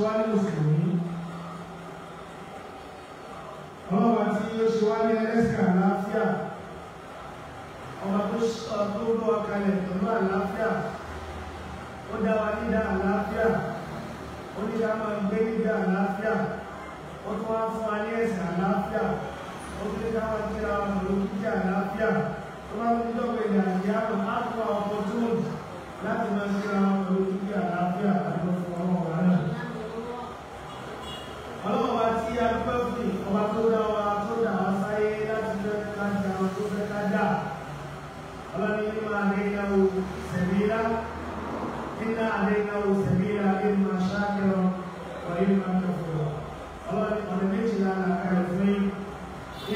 ṣe wá ní mùsùlùmí ọlọ́ba tí ó ṣe wá ní ẹlẹ́sìn àlàáfíà ọba tó lọ́wọ́ kalẹ̀ pẹ̀lú àlàáfíà ó dá wa nídá àlàáfíà ó ní ká máa gbé nídá àlàáfíà ó tún wá fún wa ní ẹ̀sìn àlàáfíà ó tún ní ká máa kíra wa pẹ̀lú kíkẹ́ àlàáfíà ó máa ń dọ́gbẹ̀dẹ̀ àti àrùn á fún wa ọkọ̀ tó láti máa kíra wa pẹ̀lú kíkẹ́ àlàáfíà له سبيلا إما شاكرا وإما كفورا الله قد نجد على كالفين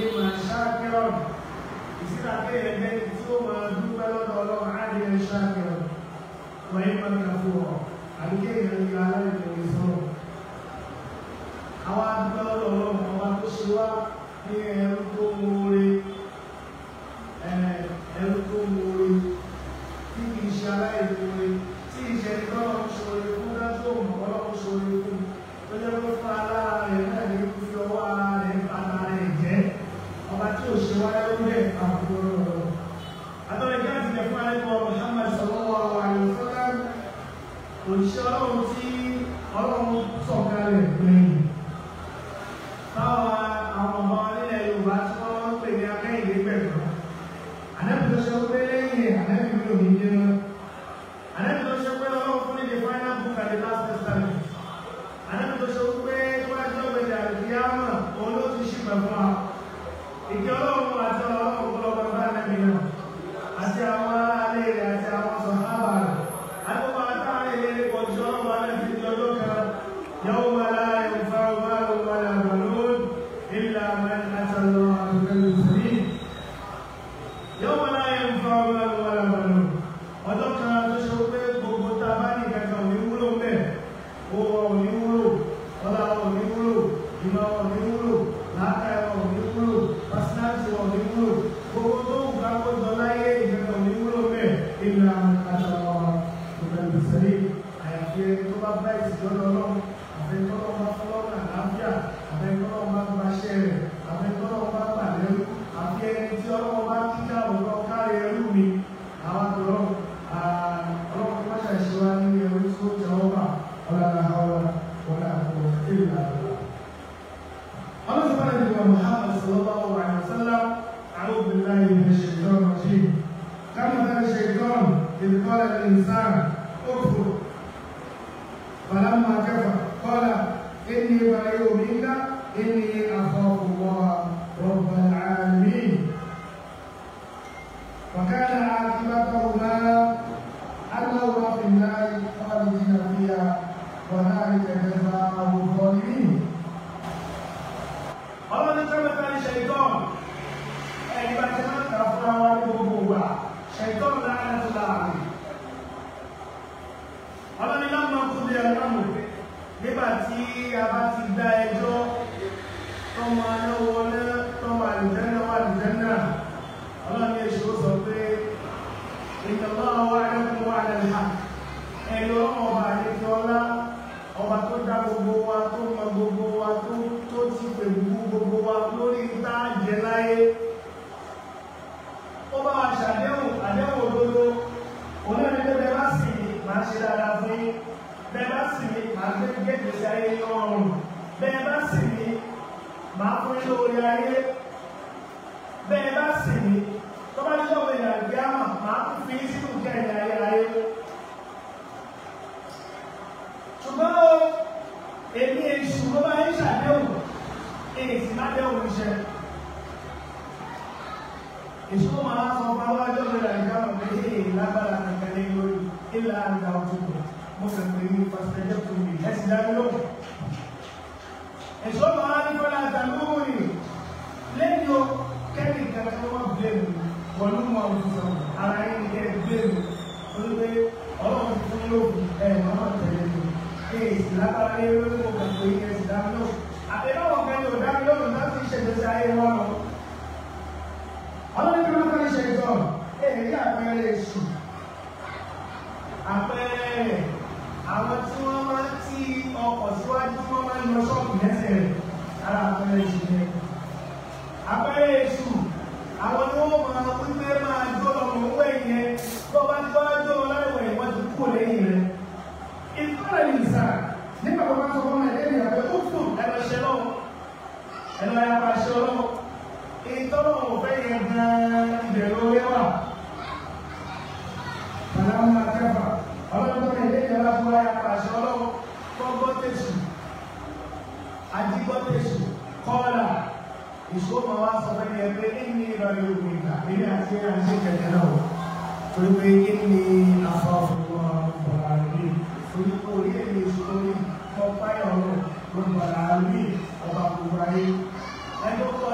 إما شاكرا يصير عليه البيت ثم دوبا لنا الله عاليا شاكرا وإما كفورا àbíkẹ́ ìrìn aláìlẹ̀ sọ́rọ̀ àwọn adúgbò lọ́wọ́ àwọn tó ṣe wá ní ẹ̀rù tó mú wájú mi mo fẹ́ pé yín pásítọ̀ ẹjẹ́ kò mí o kẹ́kì kankan ló wọ́n gbé mi pọ̀lú mọ́ àwọn ìṣàn ara yín ni kẹ́kì gbé mi olùgbé ọlọ́run fún lóògùn ẹ̀ máa tẹ̀lé mi. ẹ̀ sì lábára yẹn lórí mo kàn pé yín ẹ sì dáná lọ. àbẹ̀lọ́wọ̀ kẹ́kì ò dáná lọ́rùn láti ṣẹ̀dọ̀ṣẹ̀ ayé wa lọ. ọlọ́run kí ló máa ń ṣe ìtọ́ ẹ̀ẹ́dí àpẹẹrẹ àpẹẹrẹ àwọn tí wọ́n máa tí ọkọ̀ síwájú wọ́n máa ń lọ ṣọ́ọ̀bù lẹ́sẹ̀ rẹ̀ lára àpẹẹrẹ ìṣẹ̀lẹ̀ àpẹẹrẹ ìṣ ìṣòro wa sọ fẹ́ ni ẹgbẹ́ ẹni ìrọ̀lẹ́ ògùn ìgbà nínú àti ẹ̀ránṣẹ́ kẹ̀kẹ́ náà torí pé kí ni afọ ọ̀fọ̀gbọ̀n ọ̀gbọ̀n àrí torí pé orí èmi ìṣòro ni kọ́ páyọ̀ ọ̀rọ̀ ọ̀gbọ̀n àrí ọba gbogbo ayé ẹni tó kọ́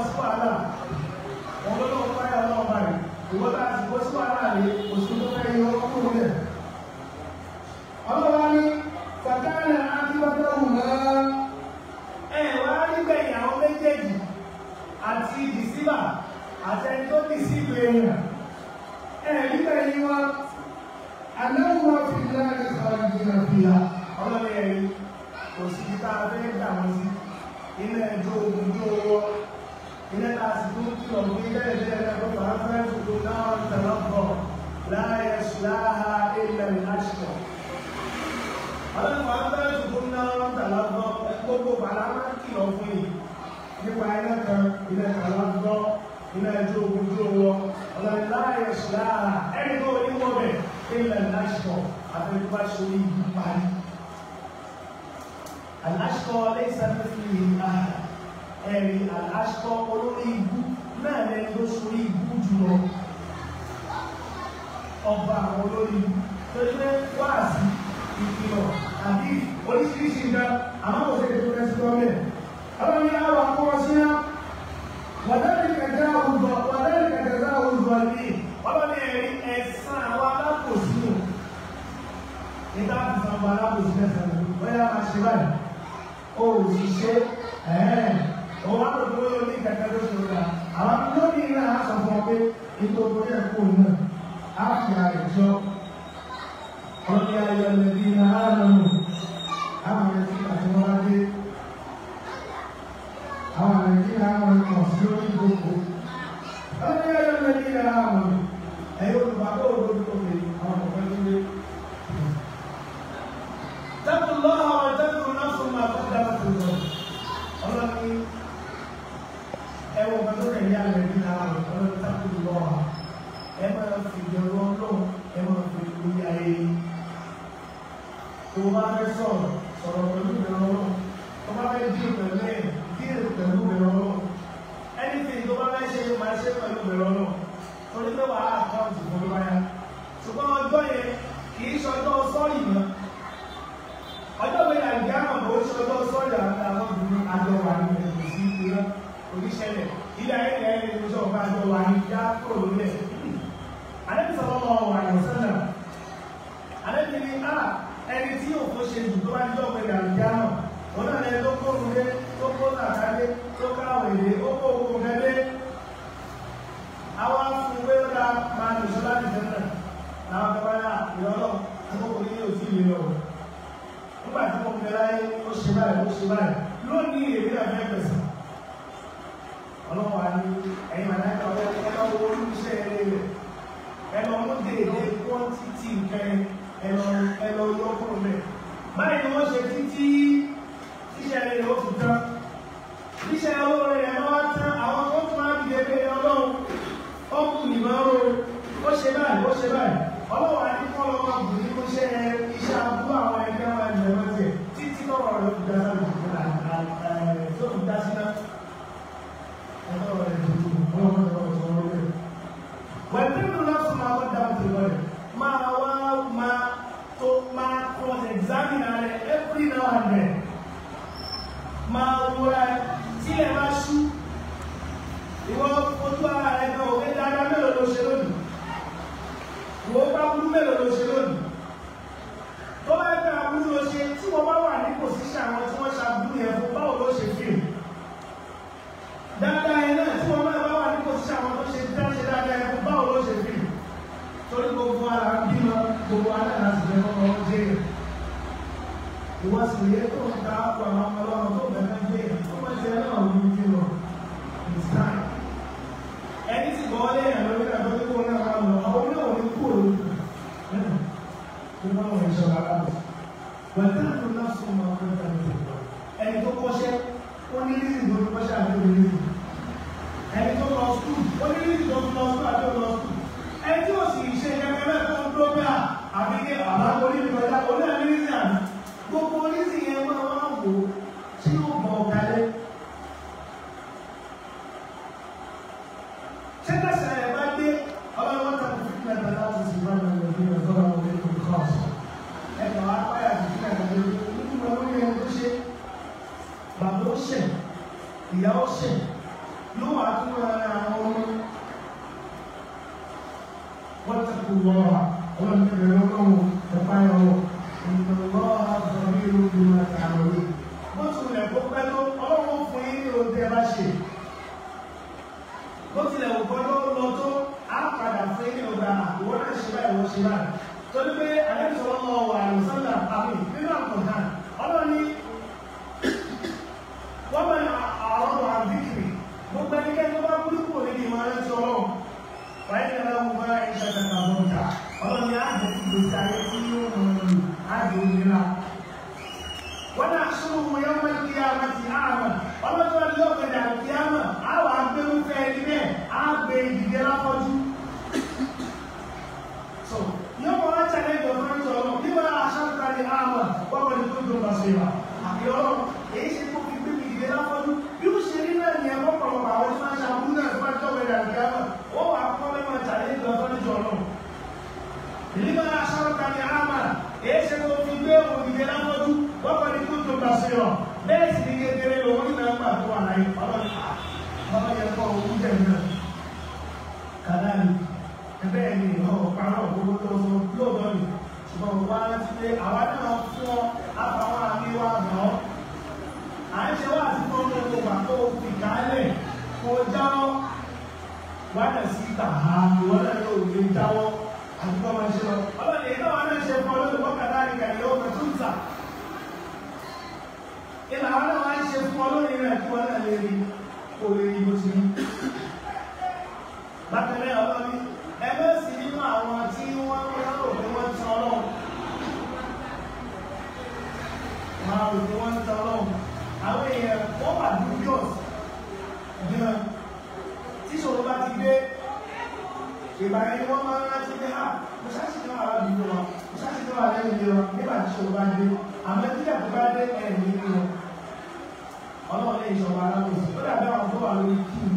aṣọ abẹ́rẹ́ bá ṣorí ìlú parí. Àláṣọ lẹ́sàmẹ́fì ààrẹ ẹ̀rí àláṣọ olórí ìlú náà lẹ́ni ló ṣorí ìlú jùlọ. Ọba àwọn olórí ìlú tó ṣe wáàsí ìkìlọ̀ àbí oríṣiríṣi nǹkan àwọn òṣèlú tó fẹ́ sí lọ́mẹ̀. Àwọn ní àwọn akọ́wọ́sí náà. nígbà tí sanwó alábòsí mẹ́sàn án ó yá máa ṣe báyìí ó ò sì ṣe ó wá lò lórí omi kẹkẹ ló ṣe rà àwọn lórí náà á sọ fún ọ pé nítorí ẹ̀kọ́ náà á fi àrẹ̀ jọ. certainty ṣe báyìí ṣe báyìí torí pé àdébìsọ̀rọ̀ mọ́ wà lọ́sọ́lá àmì nínú àkùnhàn ọlọ́ni ìpàdé ọlọ́run èyí ṣe tó fi gbé mi ìdílé láfọ́jú bí ó ṣe rí náà ní ẹgbọ́n pọ̀lọpọ̀ àwọn tí wọ́n ṣe àbúrú náà tí wọ́n jọ́ wẹ̀rẹ̀ àgbẹ̀ àmọ́ ó wà kọ́ mẹ́mọ́ tàlẹ́ ìgbàgbọ́ níjọ ọlọ́run. nígbà aṣáájú ni àmà èyí ṣe tó fi gbé òun ìdílé láfọ́jú wọ́n kọ́ ní kúndùn gbàsílọ̀ bẹ́ẹ̀ sì ni kékeré lòun ní nàgbà tó wà láyé ọlọ́run ṣùgbọ́n gbogbo ara ti pé àwa náà fún ọ àfàwọn àmì wa hàn ọ́ à ń ṣe wá àti fún ọmọ ìgbà tó fi kálẹ̀ kó jáwọ́ wádà sí ìta ìwọ náà yóò lè jáwọ́ àti bọ́ máa ṣe lọ ọlọ́ni ìta wa náà ṣe fún ọlọ́dún wákàtá àríkà ìyá ọmọ tó tà ìlà àwọn náà wá ń ṣe fún ọlọ́ni rẹ̀ kí wọ́n náà lè rí kó lè rí bó ṣe rí bákan ọlọ́ni ẹgbẹ́ sì nínú àwọn tí wọ́n márùn tí wọ́n ń ta ọlọ́run àwọn èèyàn wọ́n wà dubious gan tí ṣòro bá ti dé ìbàrẹ̀ ni wọ́n máa ń rántí pé ha ah, mo ṣáàṣì tó wà lábì ní wọn mo ṣáàṣì tó wà lẹ́yìn ní wọn nígbà tí ṣòro bá dé àmọ́ tí ìjà tó bá dé ẹ̀rì nínú wọn ọlọ́run lè ṣọba aláwòsí ó dàbí àwọn tó wà lórí kíni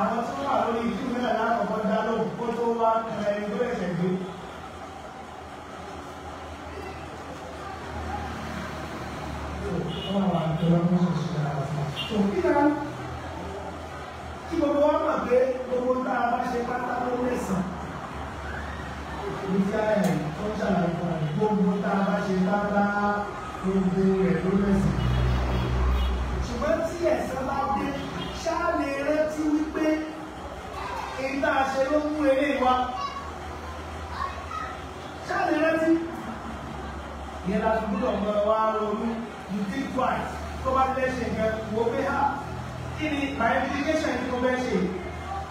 àwọn tó wà lórí kíni náà lákọ̀ọ́kọ́ dá lóhùn kó tó wá ẹni tó ẹ̀ṣẹ̀ gbé ọlọ́run àti ọlọ́run kò sí ara wa. òkúta tí gbogbo wa mọ̀ pé gbogbo tá a bá ṣe pátá ló lẹ́sàn. ìdí ayẹ̀ tó ń ṣàlàyé fún mi gbogbo tá a bá ṣe pátá gbogbo rẹ̀ ló lẹ́sàn. ṣùgbọ́n tí ẹ̀san bá dé ṣáà lè rántí wípé èyí tá you think twice tó bá fẹ́ ṣe nǹkan wò pé ha kí ni my implication ni mo fẹ́ ṣe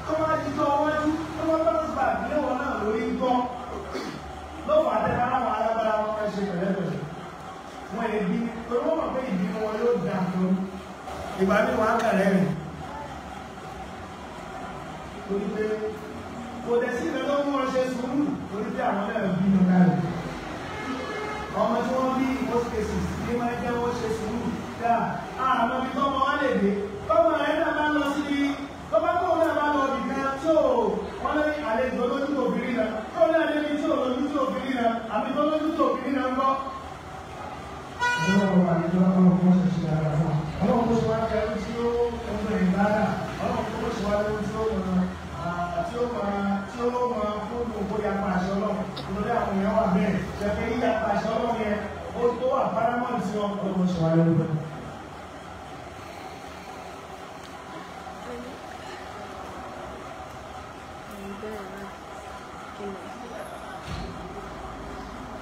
tó bá ti tọ́ wájú tó bá bá ti bàbí léwọ̀n náà lórí ń tọ́ lọ́wọ́ àtẹ́fẹ́ aláwọ̀ alábára wọn fẹ́ ṣe pẹ̀lẹ́pẹ̀lẹ́ wọn lè bí torí wọn mọ̀ pé ìbínú wọn yóò dà fún ìgbà mi wọn kà lẹ́rìn torí kò dẹ̀ sí ìrẹ́lọ́wọ́ wọn ṣe sùúrù torí àwọn náà bínú kárẹ̀ ọmọ tí wọ́n bí most cases ní máa jẹ́ wọ́n ṣe sùúrù dáa àmọ́ bí tọ́mọ wọn lè dé tọ́mọ rẹ̀ náà bá lọ sí ibi tó bá tóun náà bá lọ bì kan tó wọ́n lé àlejò lójú òbírí náà tó náà débi tí òun lójú òbírí náà àbí tó lójú tó òbírí náà ń gbọ́. ọlọ́run àlejò ọlọ́run kò ṣe ṣe ara fún ọlọ́run kò ṣe wá kẹrù tí ó lórí àwọn èèyàn wà bẹ́ẹ̀ ṣẹ̀fẹ́ yíyá pàṣẹ ọlọ́run yẹn ó tó wà paramount sí wọn pẹ̀lú oṣù wa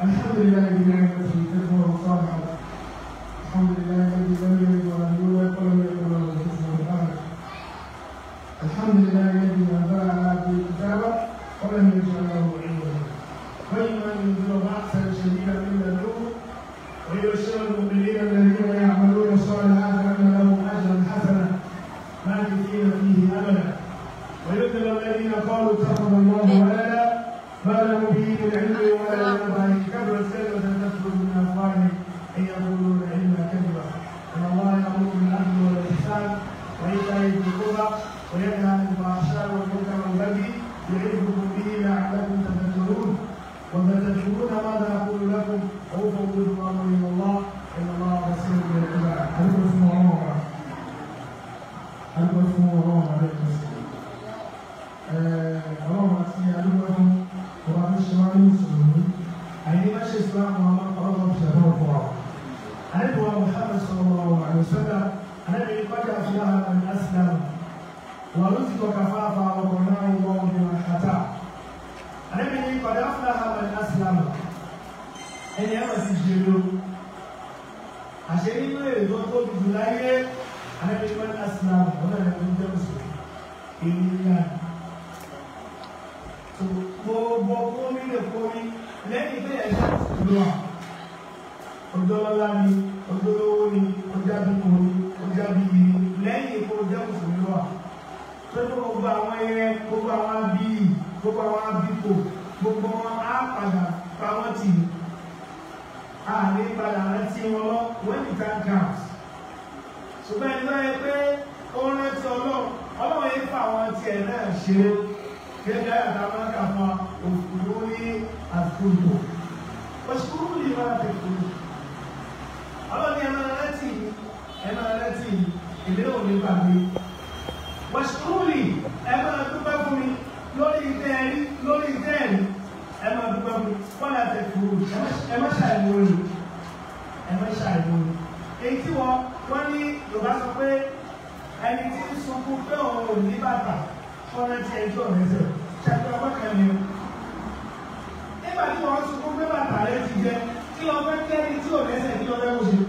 Alhamdulillah. الذي يعظكم به لعلكم تذكرون وستشكرون ماذا أقول لكم أو أفوض أمري rántí wọn lọ when the time comes ṣùgbọ́n ẹni náà yẹ pé ó rántí ọlọ́run ọlọ́run yìí fún àwọn tiẹ̀ náà ṣe kéde àyàtà máa kà fún òkúrú ní àkúrò òṣùkúrú ní ìwà àtẹ̀kùrú ọlọ́run yẹn máa rántí ẹ máa rántí ìdí òní bàbí òṣùkúrú ní ẹ máa dúpẹ́ fún mi lórí ìtẹ́ẹ̀rí lórí ìtẹ́ẹ̀rí ẹ máa dúpẹ́ fún mi wọ́n láti kúrú ẹ má ṣàìmọ̀ òní àṣà ìlú èyí tí wọ́n wọ́n ní Yorùbá sọ pé ẹni tí ń sunkún pé òun ò ní bàbá fọ́nrán tí ẹjọ́ rẹ̀ sẹ̀ ṣàgbé ọgbọ́n kan o nígbà tí wọ́n sunkún pé bàbá rẹ̀ ti jẹ kí lọ fẹ́ kẹ́ni tí ò lẹ́sẹ̀ kí lọ fẹ́ kó ṣe.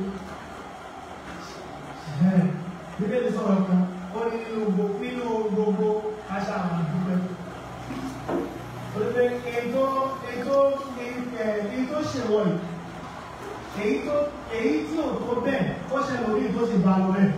bíbélì sọ̀rọ̀ kan ó ní nínú gbogbo àṣà àwọn àdúgbò olùgbé ètò ètò ètò ṣèwọ̀nyí èyí tó sì bá lọ bẹ́ẹ̀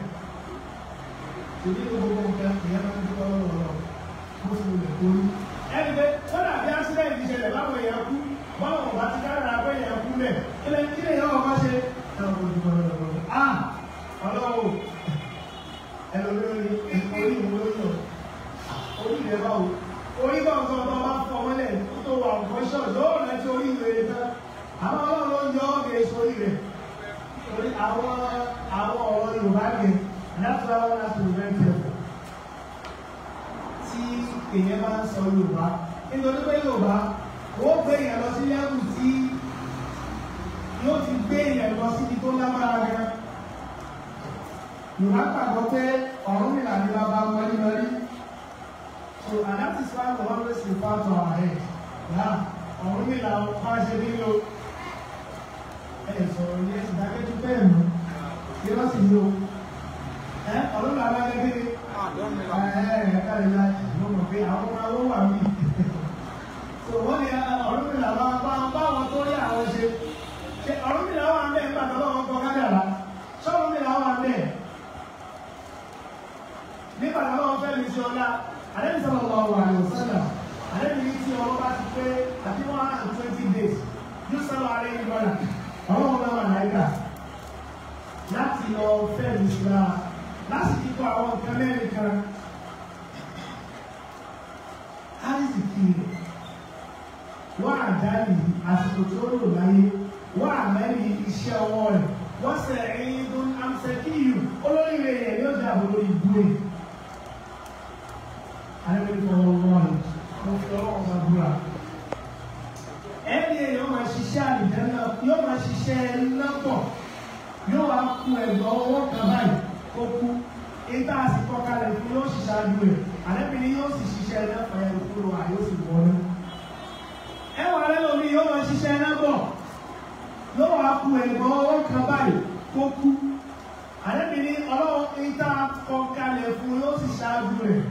rẹ̀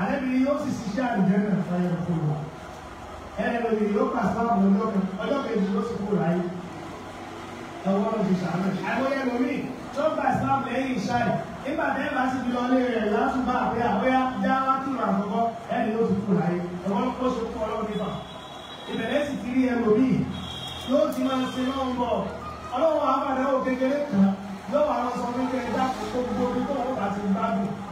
àlẹ́bí yóò sì ṣiṣẹ́ àlùjẹ́ náà fáyọ̀ fún wa ẹ̀rẹ́ lórí yóò pàṣẹ àwọn ọjọ́ kan ọjọ́ kejì ló sì kú láyé ẹ̀wọ́n ló ti ṣàánú àgbóyè lómi tó ń pàṣẹ àwọn ẹ̀yìn ìṣáì nígbà tẹ́ bá sì fi lọlé rẹ̀ láti bá àpẹ́ àbóyá já wá tún ra àkọ́kọ́ ẹ̀rẹ́ ló ti kú láyé ẹ̀wọ́n ló ṣe kú ọlọ́run nípa ìbẹ̀rẹ̀ sì ti rí ẹlòmí yóò ti máa ṣe náà ń bọ̀ ọlọ́run àbàdàn òkèkèrè kan yóò wà lọ sọ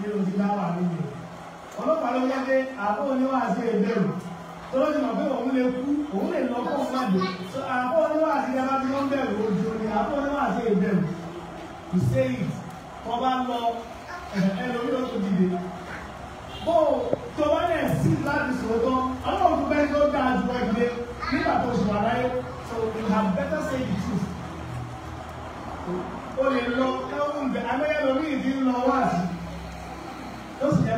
nínú ti bá wà nínú rẹ̀ ọlọ́pàá ló yáde àbọ̀ oníwàásí ẹ̀bẹ̀rù tó ló ti mọ̀ pé òun lè kú òun lè lọ fún ọmọ àdó oníwàásí ẹ̀bá ti wọ́n bẹ̀rù ojú omi àbọ̀ oníwàásí ẹ̀bẹ̀rù kò séyìí kọ́ bá lọ eh, ẹlòmí ló tó dìde bó tó bá náà sí láti sòótọ́ ọlọ́run tó bẹ́ẹ̀ tó dáa ju ẹgbẹ́ nígbà tó sùn aláyé so we have better say the truth o lè lọ ẹ̀wọ̀n bẹ̀ abẹ́yẹ lórí ìdí ń wáàsí.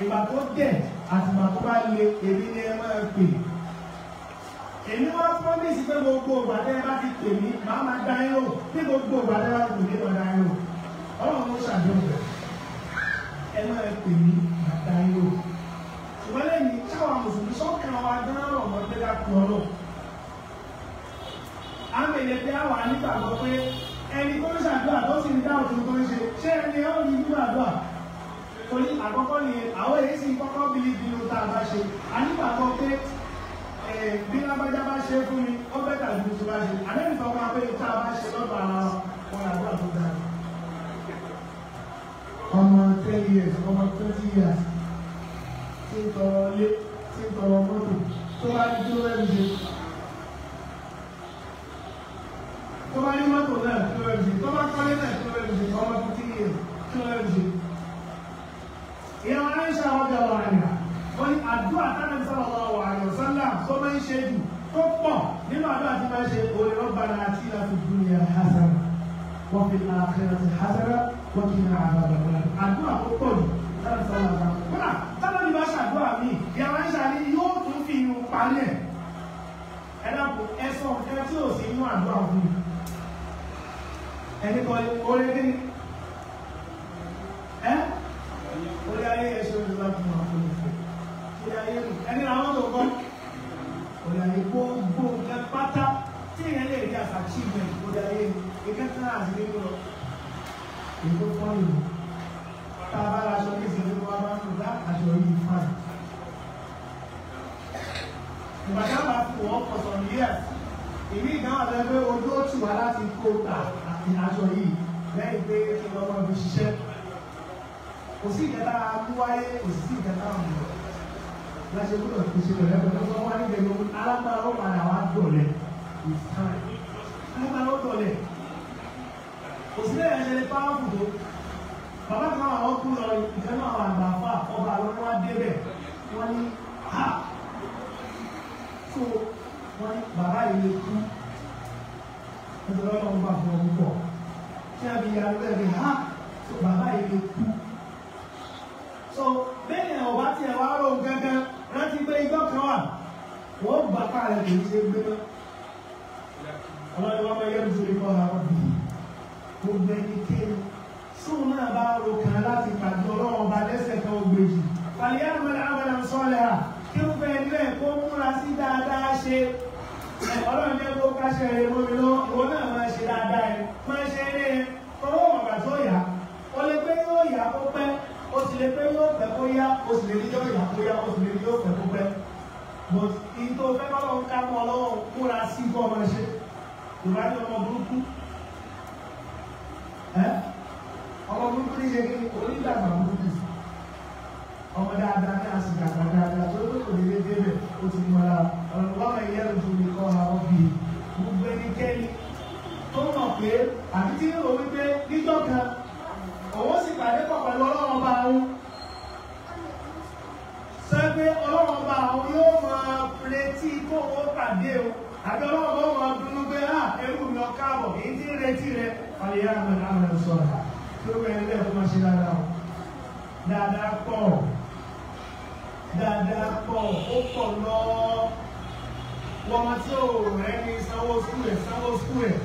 ìgbà tó dẹ̀ àti ìgbà tó bá le èmi ni ẹ máa pè èmi wá promise pé gbogbo ìgbà tẹ́ ẹ bá ti pè mí màá máa dá yín lò bí gbogbo ìgbà tẹ́ ẹ bá ti pè mí màá dá yín lò ọlọ́run ló ṣàdéhùn rẹ̀ ẹ máa pè mí màá dá yín lò ṣùgbọ́n lẹ́yìn táwọn mùsùlùmí sọ́kàn wa dáná ọ̀mọ́ pé ká a ọlọ́ àmì ìlẹ́gbẹ́ àwọn ànígbàgbọ́ pé ẹni tó ń ṣàdúrà tó sì ń dá òtún tó ń ṣe ṣé ẹni ẹ̀ ó ní gbàdúrà torí àkọ́kọ́ ni àwọn èyí sì kọ́kọ́ bí ìbínú tá a bá ṣe a nígbà kan pé bí lágbájá bá ṣe fún mi ó bẹ́ tàbí tó bá ṣe àlẹ́yìn tó máa pé tá a bá ṣe lọ́dọ̀ ara wọn làdúrà tó dáa. ọmọ ten years ọmọ twenty years ti ń tọrọ ilé ti ń tọrọ mọ́tò tó bá ní tó lẹ́nu ṣe. ṣe jù tó pọ̀ nínú àdúrà tí wọ́n ṣe òye ọba náà tí a fi dùn yà hasara wọ́n fi náà kẹ́rẹ́ ti hasara wọ́n kì í náà àbàbà wọn. àdúrà tó pọ̀ jù láti sọ́nà àbá. kódà tábà ní bá ṣàdúrà mi yàrá ń ṣàlẹ́ yóò tún fi irun parí ẹ̀. ẹ dàpọ̀ ẹ sọ ẹ tí ò sí inú àdúrà fún mi. ẹnì kan orin kí ni. àti nínú lọ èkó fún ìlú tá a bá aṣọ ní ìsinmi wọn bá ń lò aṣọ yìí fún àyè. ìbàdàn máa fi wọ́n pọ̀ sọ ní yẹ́s ìlú ìdáhùn àti ẹgbẹ́ ojú ó tù wá láti kó ta aṣọ yìí lẹ́yìn pé kí lọ́wọ́ fi ṣiṣẹ́ kò sí ìjẹta amúwáyé kò sí ìjẹta àmúwáyé láti gbọ́dọ̀ fi ṣe pẹ̀lẹ́pẹ̀lẹ́ tó wá níbi ẹ̀yọ́ alágbára ó padà wá dọ̀lẹ́ ìtàn. sílẹ̀ yẹn ṣẹlẹ̀ pàrọ̀kù tó bàbá kan àwọn kú lọ ìfẹ́ náà wà gbà fà ọba àwọn wá wọ́n ní ha tó wọ́n ní bàbá yìí lè kú ẹgbẹ́ ọlọ́run bá fún ọmọ pọ̀ kí a bí yàrá bẹ́ẹ̀ bí ha tó bàbá yìí lè kú so bẹ́ẹ̀ ọba tí ẹ wá rò gángan rántí pé igbó kan wà wọ́n bàtà rẹ̀ kì í ṣe gbé náà ọlọ́run wá máa yẹ́rù sórí kọ́ ha gbogbo ẹnikẹ́ni sóun náà bá ro kan láti pàdé ọlọ́run ọba lẹ́sẹ̀ kan ògbèjì pàlẹ́ àmọ́lẹ́ àmọ́lẹ́ sọ́ọ̀lẹ́ à kí ó fẹ́ ilé ẹ̀kọ́ múra sí dáadáa ṣe ọlọ́run jẹ́ kó káṣẹ́ rẹ̀ mọ́ mi lọ ìwọ náà máa ṣe dáadáa ẹ̀ máa ṣe eré ẹ̀ kọ́wọ́ ọ̀gá tó yà ó lè pé yóò yà kó pẹ́ ó sì lè pé yóò pẹ́ kó yá ó sì lè yóò yà kó yá ó sì lè yóò pẹ́ kó pẹ́ but ìtò fẹ́ kọ́ lọ́wọ́ ká mọ́ ọlọ́wọ́ múra sí bọ́ ọmọ ṣe ìbáraẹni ọmọ burúkú ọmọ burúkú ní yẹ kí onígbàgbà burúkú ọmọ dáadáa ní àsìkàgbà dáadáa tó ló kò lè dé bẹ̀ ó ti mọ́ra ọlọ́mọ ìyá ìjọ mi kọ́ àwọn bí gbogbo ẹnikẹ́ni tó mọ̀ pé àbí tí ó wípé níjọ́ kan òun sì pàdé pọ̀ pẹ̀lú ọlọ́run bá wọn sọ pé ọlọ́run bá wọn yóò máa retí kó owó pàdé o àbí ọlọ́run bá wọn dúró pé ah, ẹrù mi ọkà bọ̀ èyí tí ń retí rẹ. فليعمل عملا صالحا lórí ẹgbẹ́ tó máa ṣe dáadáa o dáadáa pọ̀ dáadáa pọ̀ ó pọ̀ lọ wọ́n tí ò rẹ́ ní sanwó skul ẹ̀ sanwó skul ẹ̀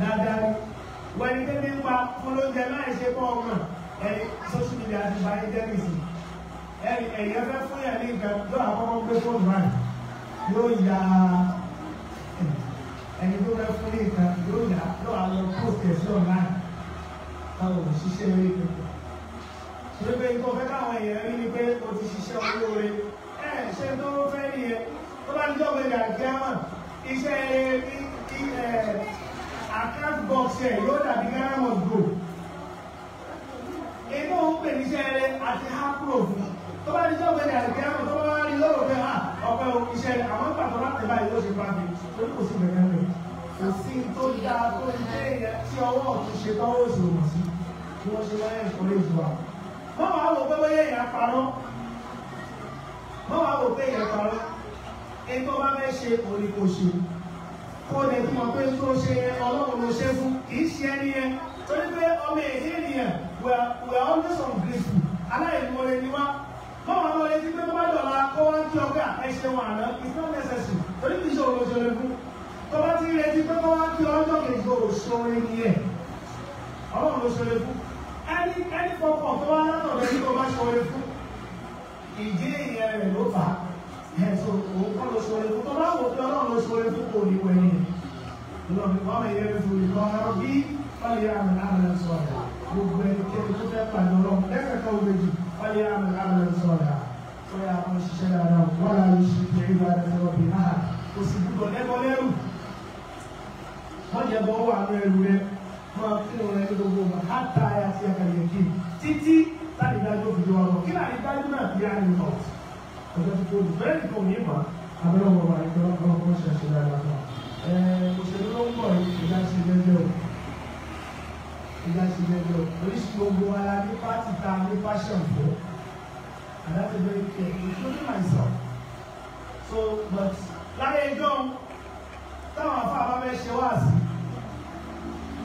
dáadáa ni wọ́n ní tẹ́lẹ̀ ń pa fọlọ́jẹ láì ṣe pọ̀ ọmọ ẹni social media ti ba ẹ jẹ́rìsì ẹni ẹ̀yẹ fún yẹn ní tó àkọ́kọ́ gbé fóònù rẹ̀ yóò yá ẹni tó bẹ fún ní nǹkan yóò yà yóò á lọ post ẹ̀ sí online táwọn òṣìṣẹ́ rí pẹ̀lú. ṣé pé nǹkan fẹ́ káwọn èèyàn rí ni pé o ti ṣiṣẹ́ olóore ẹ̀ ṣé tó fẹ́ nìyẹn tó bá ní jọ́gbẹ́ ìdàrí gírámà iṣẹ́ account box ẹ̀ yóò dàbí gírámà gbò. inú òun pè níṣẹ́ rẹ àti hapro tó bá ní jọ́gbẹ́ ìdàrí gírámà tó bá wá rí lọ́rọ̀ fẹ́ hàn ah, ọ̀pẹ́ òun iṣẹ́ àwọn ìpàtọ́ láti báyìí ló ṣe bá mi torí kò sí gbẹ̀gbẹ̀ mi kò sí tó dáa tó ilé tí ọwọ́ ọ̀tún ṣe bá òṣòwò sí bí wọ́n ṣe wáyé ìkọ́lé ìlú wa. wọ́n máa wò pé bóyá èèyàn parọ́ wọ́n máa wò pé èèyàn parọ́ ẹni tó bá fẹ́ ṣe òní kò ṣe kó o lè fún wọn pé tó ṣe yẹn ọlọ́run ló ṣe fún kì í ṣe ẹni yẹn torí pé ọmọ èdè ènìyàn we are always ungrateful aláìmọ̀lẹ́ ni wá wọ́n máa wọlé sí pé bọ́bá dọ̀la kó wọ́n kí ọgbà ẹ̀ ṣe wọn àná it's not necessary torí kì í ṣe òun ló ṣe lè tó bá ti retí pé kọ́ wá kí ọjọ́ kejì o sọ̀rọ̀ ni ẹ̀ ọlọ́run ló sọ̀rọ̀ fún ẹni ẹni kọ̀ọ̀kan tó wá látọ̀ lẹ́yìn tó bá sọ̀rọ̀ fún ìdí ìyẹn rẹ̀ ló fà á ẹ̀sùn òun kọ́ ló sọ̀rọ̀ fún tó bá wò pé ọlọ́run ló sọ̀rọ̀ fún kò ní wẹ̀ ni lọ́mọ ìwọ́mọ ìyẹn mi fún ìkọ́ ọ̀rọ̀ bí wáyé àmì àmì sọ̀rọ̀ gbogbo ẹnikẹ́ni tó fẹ́ pàdé ọlọ́run lẹ́kẹ̀kẹ́ ògbèjì wáyé àmì àmì sọ̀rọ̀ sọ̀rọ̀ àwọn òṣìṣẹ́ dáadáa wọ́n láyé ṣe ìjẹ́ ìgbà àti ọ̀bì náà kò sì gbúdọ̀ lẹ́kọ̀ọ́ lẹ́rù wọ́n jẹ́ wà ní ẹrù rẹ máa fi hàn ẹni gbogbo ọmọ á ta àti àkàlẹ̀ kí títí láti dájú òfin wa lọ kí láti dájú náà bí àyè lọ ọjọ́ tó tó dùn nìkan ò ní mà abẹ́rẹ́ ọmọ wa ìjọba ọmọ ọmọ ṣẹ̀ṣẹ̀ dára náà òṣèlú ló ń bọ̀ ìjà sí lẹ́jọ́ ìjà sí lẹ́jọ́ oríṣi gbogbo ara ní pátì ta ní pásẹ̀ fún àdájọ́ bẹ́ẹ̀ kẹ́ including myself so but láyé ẹjọ́ táwọn afáàbá fẹ́ ṣe wá sí i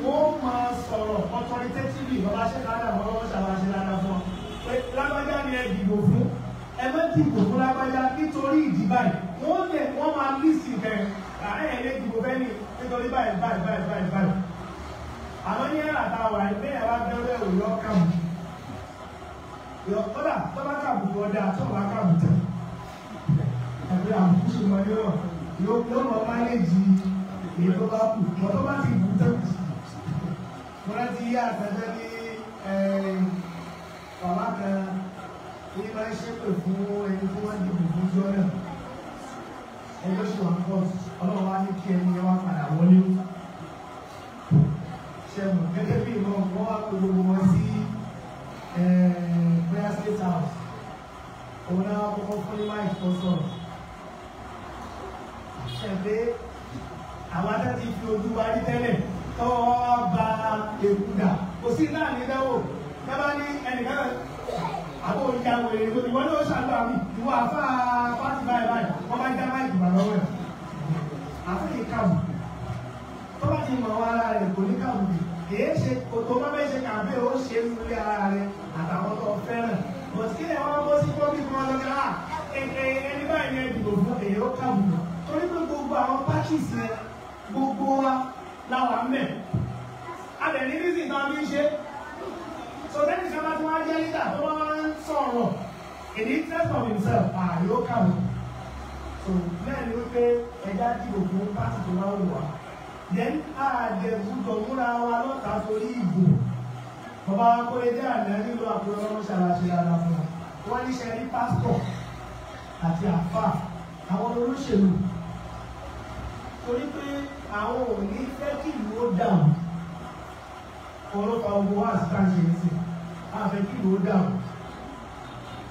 wọ́n máa sọ̀rọ̀ authoritatively bàbá ṣẹ́kárà àwọn ọlọ́wọ́ ṣàwáṣe lára fún ọ pé lágbájá ni ẹ dìbò fún ẹ má dìbò fún lágbájá nítorí ìdí báyìí wọ́n lè wọ́n máa lísì kẹrin àárẹ̀ ẹ̀ lè dìbò fẹ́ ni nítorí báyìí báyìí báyìí báyìí báyìí àmọ́ ní ẹ̀rà tá a wà ní ẹ̀rà wá bẹ́ẹ̀ òyọ́ kàmù kódà tó bá kàmù tó ọjà tó bá kàmù tẹ̀ ẹ̀rọ àbùkù ṣùgbọ́n yóò yóò máa máa lè jí mo rántí yá àtẹ́fẹ́ ní bàbá kan ní máa ń ṣépè fún ẹni tó máa ń dìbò fún jọ́nà ẹgbẹ́ ṣùgbọ́n pọ̀ ọlọ́run wá ní kí ẹni yẹn wá padà wọlé ṣẹ́mu gẹ́gẹ́ bí ìmọ̀ wọ́n wá pé eh, state house òun náà kọ́kọ́ fún ní máìkì tó sọ̀rọ̀ ṣẹ̀ pé àwọn adá ti fi tọ́wọ́ wá ba èkú dà náà ní dẹ́wò dábà ní ẹnìkan àbò ìjà wèrè ìwé ìwọ ní o ṣàlù àmì ìwọ àfa pàtì báyìí báyìí wọn bá já máa ìgbà lọ́wọ́ ẹ̀ àfi kì í kàwù tọ́wọ́ ti mọ̀ wọn ara rẹ̀ kò ní kàwù bì kìí ṣe kòtò wọn bẹ́ẹ̀ ṣe kàbẹ́ ó ṣe é lórí ara rẹ̀ àtàwọn tó fẹ́ràn bọ̀ sí ẹ̀ wọ́n bó sí pọ́bí kan lọ́kẹ́ à ẹni báyìí ni ẹ dìbò fún èyí ó kàwù torí pé gbogbo àwọn pákìsì gbogbo wa láwa ń bẹ̀ a lè ní rísì náà bí ń ṣe so lẹ́nu ìjọba tí wọ́n á jẹ́ lídà tó wọ́n ń sọ̀rọ̀ in the interest of himself ààyò kàwé so bẹ́ẹ̀ ni wípé ẹja dìbò fún pásítọ̀ tó máa ń wà then àdẹ̀gbùdọ̀ múra wa lọ́ta torí ìbò bàbá akóredé àná nílò àkúrẹ́ ọmọ ṣàlàṣe ara fún wa wọ́n ní sẹ́ni pásítọ̀ àti àfà àwọn olóṣèlú àwọn ò ní fẹ́ kí ìlú ó dàrú ọlọ́pàá ogun wá sí káṣí ẹ̀sìn àfẹ́ kí ìlú ó dàrú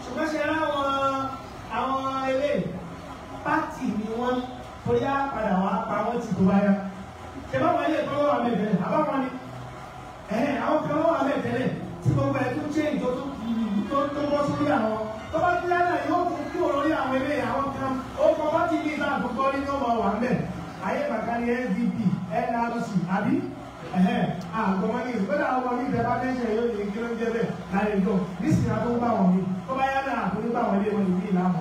ṣùgbọ́n ṣe ráwọn àwọn ilé pátì ni wọ́n bóyá padà wá pa wọ́n ti tó báyà ṣe bá wọn ilé ìpínlẹ̀ wà mẹ́tẹ̀lẹ̀ àbáwọn ni ẹ̀hìn àwọn kan wà mẹ́tẹ̀lẹ̀ tí gbogbo ẹ̀ tó ṣe ìjọ tó kì í tó tó bọ́ sórí àwọn tó bá ti yára yóò fún kí òun rí àwọn ilé àwọn kan ó kọ́ bá ti ní ìta àkọ́kọ́ nínú ọmọ wà mẹ́tẹ̀ màkà ní NDP NRC àbí àgbọ̀mọ́ ní ìgbọ́dọ̀ àwọn ọmọ ní ìjọba mẹ́sẹ̀ yóò ní kí ló ń jẹ́ bẹ́ẹ̀ láyé jọ nísìnyí àbó bá wọn mi tó bá yá náà àbó nígbà wọn lé wọn ìlú ìlà àmọ́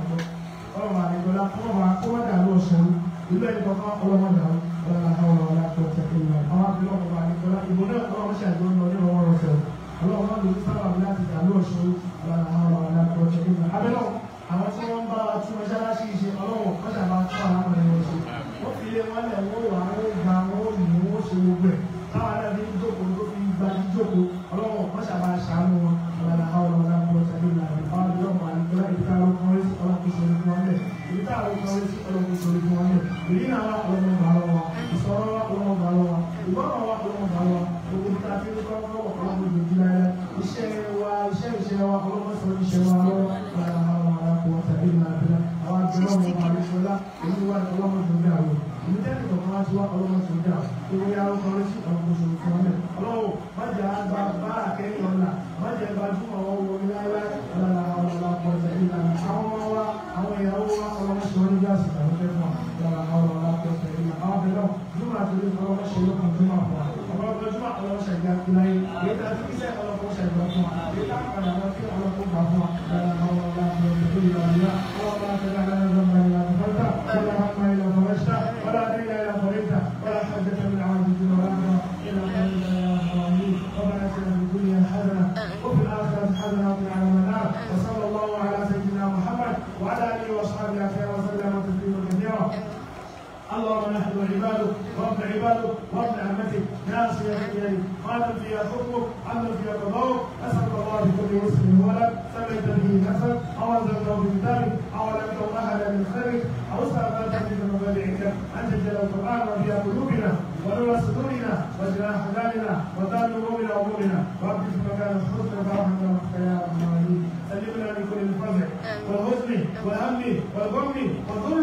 ọlọ́run àdìgbọ́lá fún ọmọ akọ́wọ́dà ló ṣe ń ìlú ẹni kọ̀ọ̀kan ọlọ́wọ́ dà ó ọlọ́run àtàwọn ọlọ́run àti ọ̀tẹ̀ ìlú àwọn àbílọ̀ ọmọ àdìgbọ́lá ìbò náà ọlọ́run ṣàgbọ́n lọ nínú ọwọ́ rẹ̀ fẹ́ ọlọ́run máa ń lòdì sábà bí láti dà lóòṣù ọlọ́run àwọn ọlọ́run àti ọ̀tẹ̀ ìlú abẹ́lọ́ àwọn tí wọ́n ń bá wa tún mọ́ṣáláṣí ṣe ọlọ́run kọ́ṣà máa tún àwọn àmọ̀ ẹ̀yọ́ ṣe lé wọn lẹ̀ wọ́n wà wọ́n gba wọ́n yìí wọ́n ṣe gbogbo ẹ̀ káwọn náà رب عباده ورب عمته يا رجليه خادم فيها حكمك عمل فيها قضاؤك اسال الله لكل مسلم ولد سمعت به نفسك او انزلته بكتابك او علمته احدا من خلقك او استعملت به مبادئك ان جل القران ربيع قلوبنا ونور صدورنا وجلاء احزاننا وذات نورنا وامورنا رب في مكان الحسن فرحمنا يا رب العالمين سلمنا من كل الفزع والحزن والهم والغم والظلم